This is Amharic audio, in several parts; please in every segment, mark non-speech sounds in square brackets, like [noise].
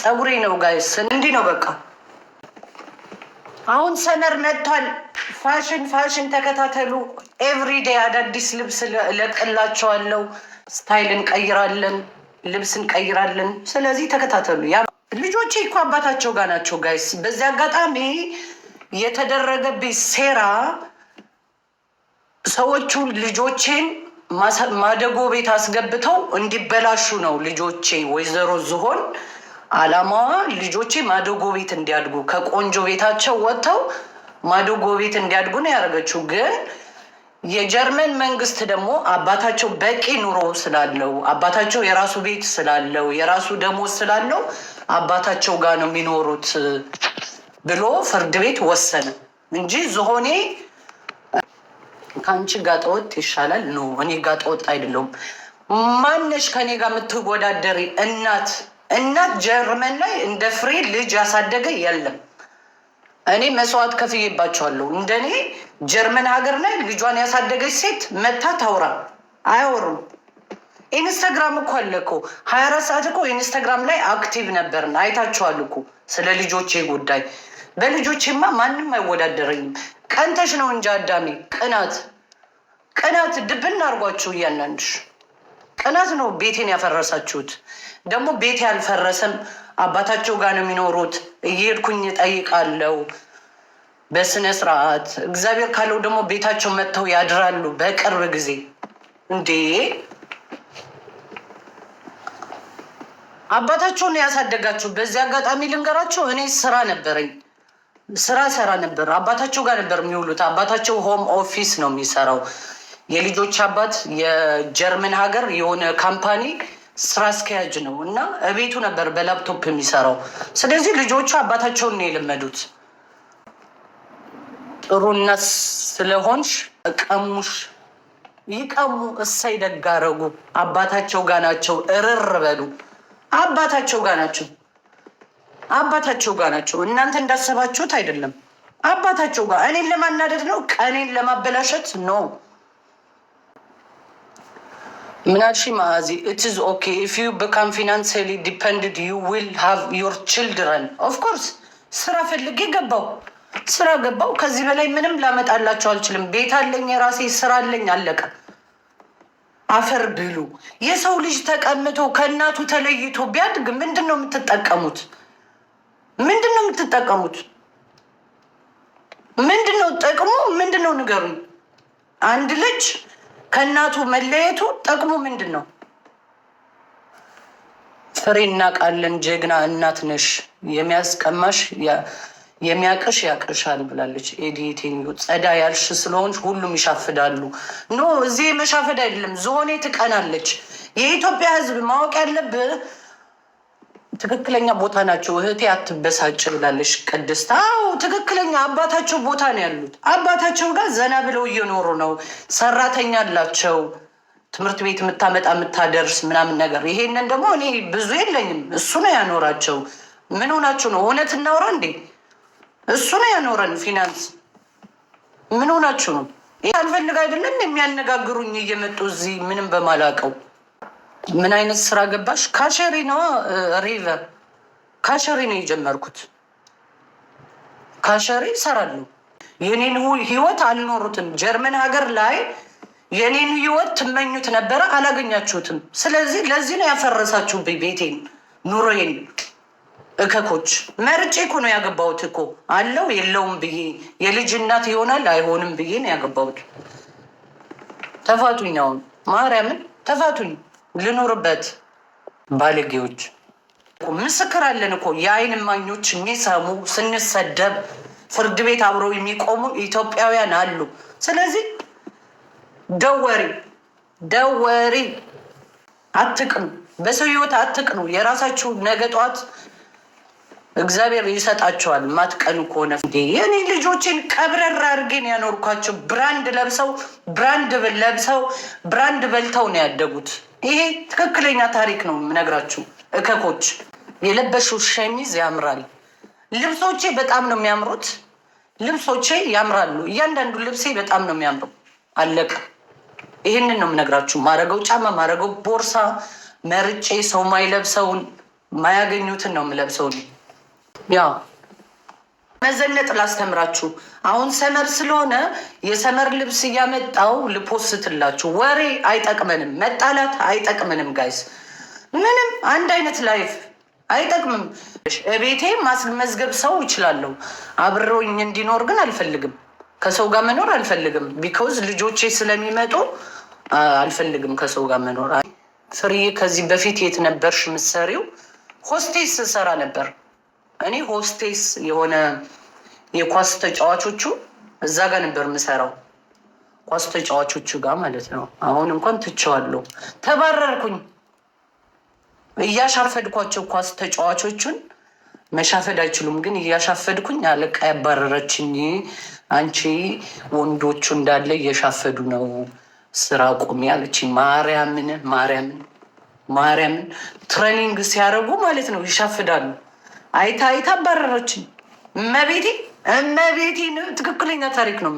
ፀጉሬ ነው ጋይስ፣ እንዲህ ነው በቃ። አሁን ሰመር መጥቷል። ፋሽን ፋሽን ተከታተሉ። ኤቭሪዴ አዳዲስ ልብስ ለቅላቸዋለው። ስታይል እንቀይራለን፣ ልብስ እንቀይራለን። ስለዚህ ተከታተሉ። ልጆቼ እኮ አባታቸው ጋር ናቸው ጋይስ። በዚህ አጋጣሚ የተደረገብኝ ሴራ ሰዎቹ ልጆቼን ማደጎ ቤት አስገብተው እንዲበላሹ ነው። ልጆቼ ወይዘሮ ዝሆን አላማዋ ልጆቼ ማደጎ ቤት እንዲያድጉ ከቆንጆ ቤታቸው ወጥተው ማደጎ ቤት እንዲያድጉ ነው ያደረገችው። ግን የጀርመን መንግስት ደግሞ አባታቸው በቂ ኑሮ ስላለው አባታቸው የራሱ ቤት ስላለው የራሱ ደሞዝ ስላለው አባታቸው ጋር ነው የሚኖሩት ብሎ ፍርድ ቤት ወሰነ እንጂ ዝሆኔ ከአንቺ ጋጠወጥ ይሻላል ነው። እኔ ጋጠወጥ አይደለሁም። ማነሽ ከኔ ጋር የምትወዳደሪ እናት እናት ጀርመን ላይ እንደ ፍሬ ልጅ ያሳደገ የለም። እኔ መስዋዕት ከፍዬባቸዋለሁ። እንደኔ ጀርመን ሀገር ላይ ልጇን ያሳደገች ሴት መታ ታውራ አያወሩም። ኢንስታግራም እኮ አለ እኮ ሀያ አራት ሰዓት እኮ ኢንስታግራም ላይ አክቲቭ ነበርን። አይታችኋል እኮ ስለ ልጆቼ ጉዳይ። በልጆቼማ ማንም አይወዳደረኝም። ቀንተሽ ነው እንጂ አዳሜ። ቅናት ቅናት ድብና አድርጓችሁ እያንዳንድሽ ቅናት ነው ቤቴን ያፈረሳችሁት። ደግሞ ቤቴ አልፈረሰም፣ አባታቸው ጋር ነው የሚኖሩት። እየሄድኩኝ ጠይቃለው በስነ ስርዓት። እግዚአብሔር ካለው ደግሞ ቤታቸው መጥተው ያድራሉ በቅርብ ጊዜ። እንዴ አባታቸውን ያሳደጋችሁ። በዚህ አጋጣሚ ልንገራቸው፣ እኔ ስራ ነበረኝ ስራ ሰራ ነበር። አባታቸው ጋር ነበር የሚውሉት። አባታቸው ሆም ኦፊስ ነው የሚሰራው የልጆች አባት የጀርመን ሀገር የሆነ ካምፓኒ ስራ አስኪያጅ ነው እና እቤቱ ነበር በላፕቶፕ የሚሰራው። ስለዚህ ልጆቹ አባታቸውን ነው የለመዱት። ጥሩ እናት ስለሆንሽ ቀሙሽ ይቀሙ እሳይ ደጋረጉ አባታቸው ጋ ናቸው። እርር በሉ አባታቸው ጋ ናቸው። አባታቸው ጋ ናቸው። እናንተ እንዳሰባችሁት አይደለም። አባታቸው ጋር እኔን ለማናደድ ነው፣ ቀኔን ለማበላሸት ነው። ምናልሽ ማዚ ኢትዝ ኦኬ ኢፍ ዩ ብካም ፊናንስሊ ዲፐንድድ ዩ ዊል ሃቭ ዮር ችልድረን ኦፍኮርስ ስራ ፈልጌ ገባው ስራ ገባው። ከዚህ በላይ ምንም ላመጣላቸው አልችልም። ቤት አለኝ፣ የራሴ ስራ አለኝ። አለቀ። አፈር ብሉ። የሰው ልጅ ተቀምጦ ከእናቱ ተለይቶ ቢያድግ ምንድን ነው የምትጠቀሙት? ምንድን ነው የምትጠቀሙት? ምንድን ነው ጥቅሙ? ምንድን ነው ንገሩኝ። አንድ ልጅ ከእናቱ መለየቱ ጥቅሙ ምንድን ነው? ፍሬ እናቃለን። ጀግና እናት ነሽ፣ የሚያስቀማሽ የሚያቅሽ ያቅሻል ብላለች። ኤዲቲንግ ጸዳ ያልሽ ስለሆንሽ ሁሉም ይሻፍዳሉ። ኖ እዚህ መሻፈድ አይደለም። ዞኔ ትቀናለች። የኢትዮጵያ ሕዝብ ማወቅ ያለብህ ትክክለኛ ቦታ ናቸው። እህቴ አትበሳጭ ብላለች ቅድስት። አዎ ትክክለኛ አባታቸው ቦታ ነው ያሉት። አባታቸው ጋር ዘና ብለው እየኖሩ ነው። ሰራተኛ አላቸው፣ ትምህርት ቤት የምታመጣ የምታደርስ ምናምን ነገር። ይሄንን ደግሞ እኔ ብዙ የለኝም፣ እሱ ነው ያኖራቸው። ምን ሆናችሁ ነው? እውነት እናውራ እንዴ? እሱ ነው ያኖረን ፊናንስ። ምን ሆናችሁ ነው? ይህ አልፈልግ አይደለም የሚያነጋግሩኝ እየመጡ እዚህ ምንም በማላውቀው ምን አይነት ስራ ገባሽ? ካሸሪ ነው ሪቨር ካሸሪ ነው የጀመርኩት። ካሸሪ ይሰራሉ። የኔን ህይወት አልኖሩትም። ጀርመን ሀገር ላይ የኔን ህይወት ትመኙት ነበረ፣ አላገኛችሁትም። ስለዚህ ለዚህ ነው ያፈረሳችሁብኝ ቤቴን፣ ኑሮዬን። እከኮች መርጬ እኮ ነው ያገባሁት እኮ አለው የለውም ብዬ የልጅ እናት ይሆናል አይሆንም ብዬ ነው ያገባሁት። ተፋቱኝ አሁን ማርያምን ተፋቱኝ። ልኑርበት። ባለጌዎች ምስክር አለን እኮ የአይን እማኞች የሚሰሙ ስንሰደብ ፍርድ ቤት አብረው የሚቆሙ ኢትዮጵያውያን አሉ። ስለዚህ ደወሪ ደወሪ አትቅኑ፣ በሰው ህይወት አትቅኑ። የራሳችሁ ነገ ጠዋት እግዚአብሔር ይሰጣቸዋል። ማትቀኑ ከሆነ የኔ ልጆችን ቀብረር አድርጌን ያኖርኳቸው ብራንድ ለብሰው ብራንድ ለብሰው ብራንድ በልተው ነው ያደጉት። ይሄ ትክክለኛ ታሪክ ነው የምነግራችሁ። እከኮች የለበሽው ሸሚዝ ያምራል። ልብሶቼ በጣም ነው የሚያምሩት። ልብሶቼ ያምራሉ። እያንዳንዱ ልብሴ በጣም ነው የሚያምሩ። አለቀ። ይህንን ነው የምነግራችሁ። ማረገው ጫማ፣ ማረገው ቦርሳ መርጬ ሰው ማይለብሰውን ማያገኙትን ነው የምለብሰውን ያ መዘነጥ ላስተምራችሁ። አሁን ሰመር ስለሆነ የሰመር ልብስ እያመጣው ልፖስትላችሁ። ወሬ አይጠቅመንም፣ መጣላት አይጠቅመንም። ጋይስ ምንም አንድ አይነት ላይፍ አይጠቅምም። ቤቴ ማስመዝገብ ሰው ይችላለሁ፣ አብሮኝ እንዲኖር ግን አልፈልግም። ከሰው ጋር መኖር አልፈልግም። ቢኮዝ ልጆቼ ስለሚመጡ አልፈልግም ከሰው ጋር መኖር። ፍሬ ከዚህ በፊት የት ነበርሽ የምትሰሪው? ሆስቴስ ስሰራ ነበር እኔ ሆስቴስ የሆነ የኳስ ተጫዋቾቹ እዛ ጋር ነበር የምሰራው ኳስ ተጫዋቾቹ ጋር ማለት ነው። አሁን እንኳን ትቼዋለሁ፣ ተባረርኩኝ። እያሻፈድኳቸው ኳስ ተጫዋቾቹን መሻፈድ አይችሉም፣ ግን እያሻፈድኩኝ አለቃ ያባረረችኝ። አንቺ ወንዶቹ እንዳለ እየሻፈዱ ነው፣ ስራ ቁሚ አለችኝ። ማርያምን ማርያምን ማርያምን ትሬኒንግ ሲያደርጉ ማለት ነው ይሻፍዳሉ። አይታ አይታ አባረረችኝ። እመቤቴ እመቤቴ ትክክለኛ ታሪክ ነው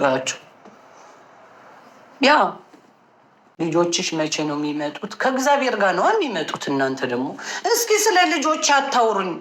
ጋቸው ያ ልጆችሽ መቼ ነው የሚመጡት? ከእግዚአብሔር ጋር ነው የሚመጡት። እናንተ ደግሞ እስኪ ስለ ልጆች አታውሩኝ።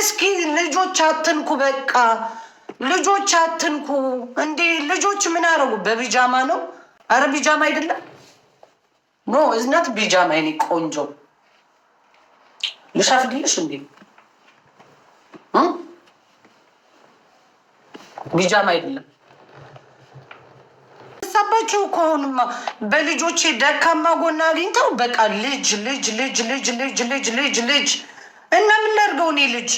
እስኪ ልጆች አትንኩ፣ በቃ ልጆች አትንኩ። እንዴ ልጆች ምን አረጉ? በቢጃማ ነው? አረ ቢጃማ አይደለም ኖ እዝናት ቢጃማ፣ ይኔ ቆንጆ ልሻፍድልሽ እንዴ ቢጃም አይደለም ሳባቸው ከሆኑማ በልጆቼ ደካማ ጎና አግኝተው በቃ ልጅ ልጅ ልጅ ልጅ ልጅ ልጅ ልጅ ልጅ እና ምን ላድርገው እኔ ልጅ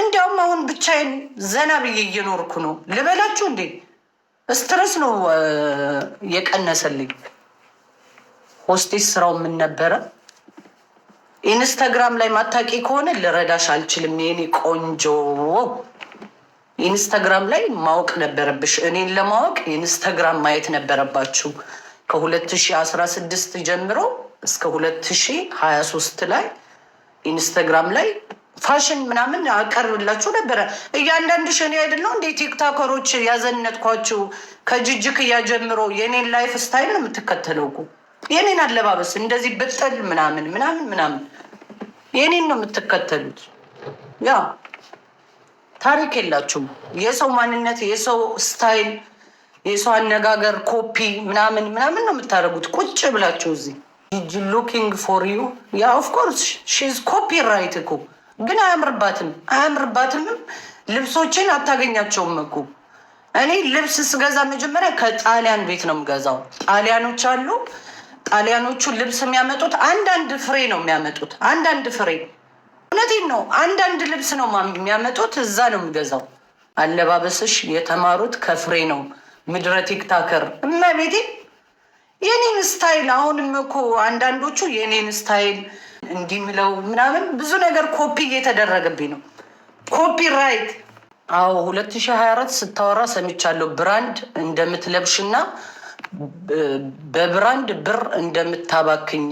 እንዲያውም አሁን ብቻዬን ዘና ብዬ እየኖርኩ ነው ልበላችሁ እንዴ ስትረስ ነው የቀነሰልኝ ሆስቴስ ስራው ምን ነበረ ኢንስታግራም ላይ ማታቂ ከሆነ ልረዳሽ አልችልም የኔ ቆንጆ። ኢንስታግራም ላይ ማወቅ ነበረብሽ። እኔን ለማወቅ ኢንስታግራም ማየት ነበረባችሁ። ከ2016 ጀምሮ እስከ 2023 ላይ ኢንስታግራም ላይ ፋሽን ምናምን አቀርብላችሁ ነበረ። እያንዳንድሽ እኔ አይደለሁ እንደ ቲክታከሮች ያዘነጥኳችሁ ከጅጅክያ ጀምሮ የኔን ላይፍ ስታይል ነው የምትከተለው። የኔን አለባበስ እንደዚህ ብጥል ምናምን ምናምን ምናምን የኔን ነው የምትከተሉት። ያ ታሪክ የላችሁም። የሰው ማንነት፣ የሰው ስታይል፣ የሰው አነጋገር ኮፒ ምናምን ምናምን ነው የምታደርጉት ቁጭ ብላችሁ እዚህ ሉኪንግ ፎር ዩ ያ ኦፍኮርስ ሺዝ ኮፒ ራይት እኮ ግን አያምርባትም አያምርባትምም። ልብሶችን አታገኛቸውም እኮ እኔ ልብስ ስገዛ መጀመሪያ ከጣሊያን ቤት ነው የምገዛው። ጣሊያኖች አሉ ጣሊያኖቹ ልብስ የሚያመጡት አንዳንድ ፍሬ ነው የሚያመጡት። አንዳንድ ፍሬ እውነቴን ነው። አንዳንድ ልብስ ነው የሚያመጡት። እዛ ነው የሚገዛው። አለባበስሽ የተማሩት ከፍሬ ነው። ምድረ ቲክታከር እመቤቴ፣ የኔን ስታይል አሁንም እኮ አንዳንዶቹ የኔን ስታይል እንዲምለው ምናምን ብዙ ነገር ኮፒ እየተደረገብኝ ነው። ኮፒ ራይት። አዎ 2024 ስታወራ ሰምቻለሁ። ብራንድ እንደምትለብሽና በብራንድ ብር እንደምታባክኝ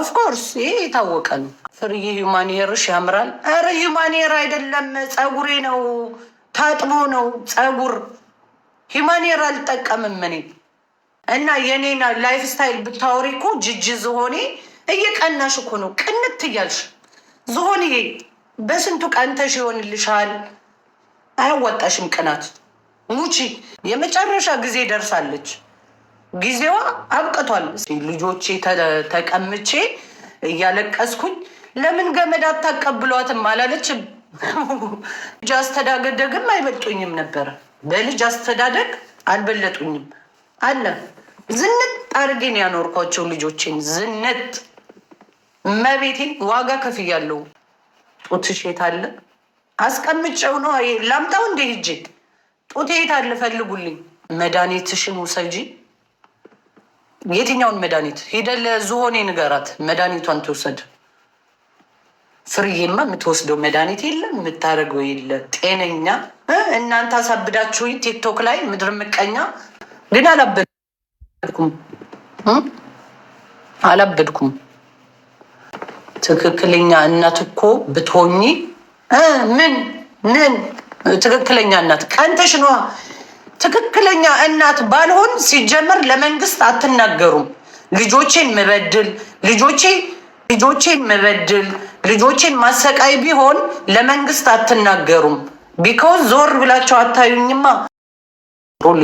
ኦፍኮርስ ይሄ የታወቀ ነው። ፍር ሂውማን ሄርሽ ያምራል። ኧረ ሂውማን ሄር አይደለም ፀጉሬ ነው፣ ታጥቦ ነው ፀጉር። ሂውማን ሄር አልጠቀምም እኔ እና የኔን ላይፍ ስታይል ብታወሪ እኮ ጅጅ ዝሆኔ እየቀናሽ እኮ ነው ቅንት እያልሽ ዝሆንዬ፣ በስንቱ ቀንተሽ ይሆንልሻል። አያዋጣሽም ቅናት። ሙቺ የመጨረሻ ጊዜ ደርሳለች። ጊዜዋ አብቅቷል። ልጆቼ ተቀምቼ እያለቀስኩኝ ለምን ገመድ አታቀብሏትም አላለችም። [laughs] ልጅ አስተዳደግም አይበልጡኝም ነበረ። በልጅ አስተዳደግ አልበለጡኝም አለ። ዝንጥ አድርጌን ያኖርኳቸው ልጆቼን ዝንጥ መቤቴን ዋጋ ከፍያለሁ። ጡትሽ የት አለ? አስቀምጬው ነው ላምጣው እንደ ሂጄ ጡቴ የት አለ ፈልጉልኝ። መድኃኒትሽን ውሰጂ። የትኛውን መድኃኒት? ሄደ? ለዝሆኔ ንገራት መድኃኒቷን ትወሰድ። ፍርዬማ የምትወስደው መድኃኒት የለም የምታደርገው የለ። ጤነኛ እናንተ አሳብዳችሁ ቲክቶክ ላይ ምድር ምቀኛ። ግን አላበድኩም አላበድኩም። ትክክለኛ እናት እኮ ብትሆኚ ምን ምን ትክክለኛ እናት ቀንተሽ ነዋ። ትክክለኛ እናት ባልሆን ሲጀመር ለመንግስት አትናገሩም። ልጆቼን መበድል ልጆቼ ልጆቼን መበድል ልጆቼን ማሰቃይ ቢሆን ለመንግስት አትናገሩም። ቢኮዝ ዞር ብላቸው አታዩኝማ።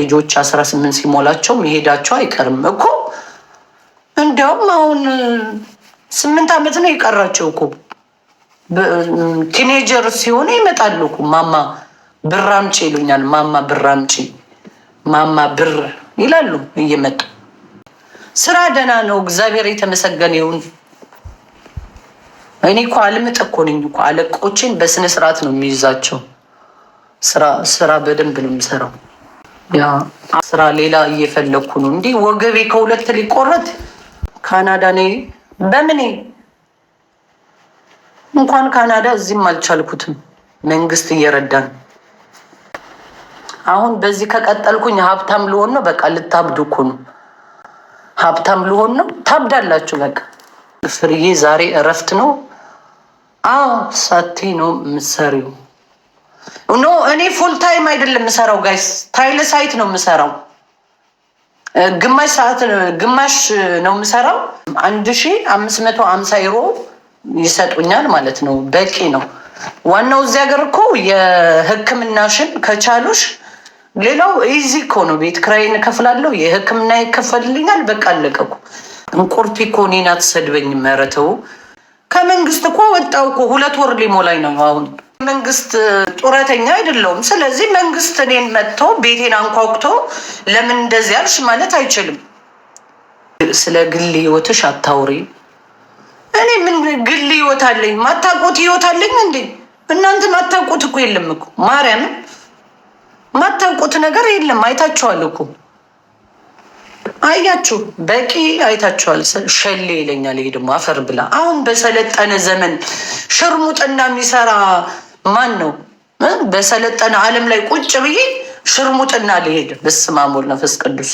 ልጆች አስራ ስምንት ሲሞላቸው መሄዳቸው አይቀርም እኮ እንዲያውም አሁን ስምንት ዓመት ነው የቀራቸው እኮ ቲኔጀር ሲሆኑ ይመጣሉ እኮ ማማ ብር አምጪ ይሉኛል። ማማ ብር አምጪ፣ ማማ ብር ይላሉ እየመጡ ስራ ደህና ነው፣ እግዚአብሔር የተመሰገነ ይሁን። እኔ እኮ አልምጥ እኮ ነኝ እኮ አለቆችን በስነ ስርዓት ነው የሚይዛቸው። ስራ በደንብ ነው የምሰራው። ያ ስራ ሌላ እየፈለግኩ ነው። እንዲህ ወገቤ ከሁለት ሊቆረጥ ካናዳ ነ በምኔ እንኳን ካናዳ እዚህም አልቻልኩትም። መንግስት እየረዳን አሁን በዚህ ከቀጠልኩኝ ሀብታም ልሆን ነው። በቃ ልታብዱ እኮ ነው። ሀብታም ልሆን ነው። ታብዳላችሁ። በቃ ፍርዬ፣ ዛሬ እረፍት ነው። አዎ ሳቴ ነው የምሰሪው። ኖ እኔ ፉል ታይም አይደለም የምሰራው ጋይስ፣ ታይለ ሳይት ነው የምሰራው። ግማሽ ሰዓት ግማሽ ነው የምሰራው። አንድ ሺ አምስት መቶ አምሳ ዩሮ ይሰጡኛል ማለት ነው። በቂ ነው። ዋናው እዚህ ሀገር እኮ የህክምናሽን ከቻሉሽ ሌላው ኢዚ እኮ ነው። ቤት ክራይን እከፍላለሁ፣ የህክምና ይከፈልልኛል። በቃ አለቀ እኮ። እንቁርቲ እኮ እኔን አትሰድበኝ። ኧረ ተው። ከመንግስት እኮ ወጣው እኮ ሁለት ወር ሊሞላኝ ነው አሁን። መንግስት ጡረተኛ አይደለውም። ስለዚህ መንግስት እኔን መጥቶ ቤቴን አንኳኩቶ ለምን እንደዚህ አልሽ ማለት አይችልም። ስለ ግል ህይወትሽ አታውሪ። እኔ ምን ግል ህይወት አለኝ? ማታውቁት ህይወት አለኝ እንዴ? እናንተ ማታውቁት እኮ የለም እኮ ማርያምን ማታውቁት ነገር የለም። አይታችኋል እኮ አያችሁ፣ በቂ አይታችኋል። ሸሌ ይለኛል። ይሄ ደግሞ አፈር ብላ። አሁን በሰለጠነ ዘመን ሽርሙጥና የሚሰራ ማን ነው? በሰለጠነ ዓለም ላይ ቁጭ ብዬ ሽርሙጥና ልሄድ? በስመ አብ ወልድ ወመንፈስ ቅዱስ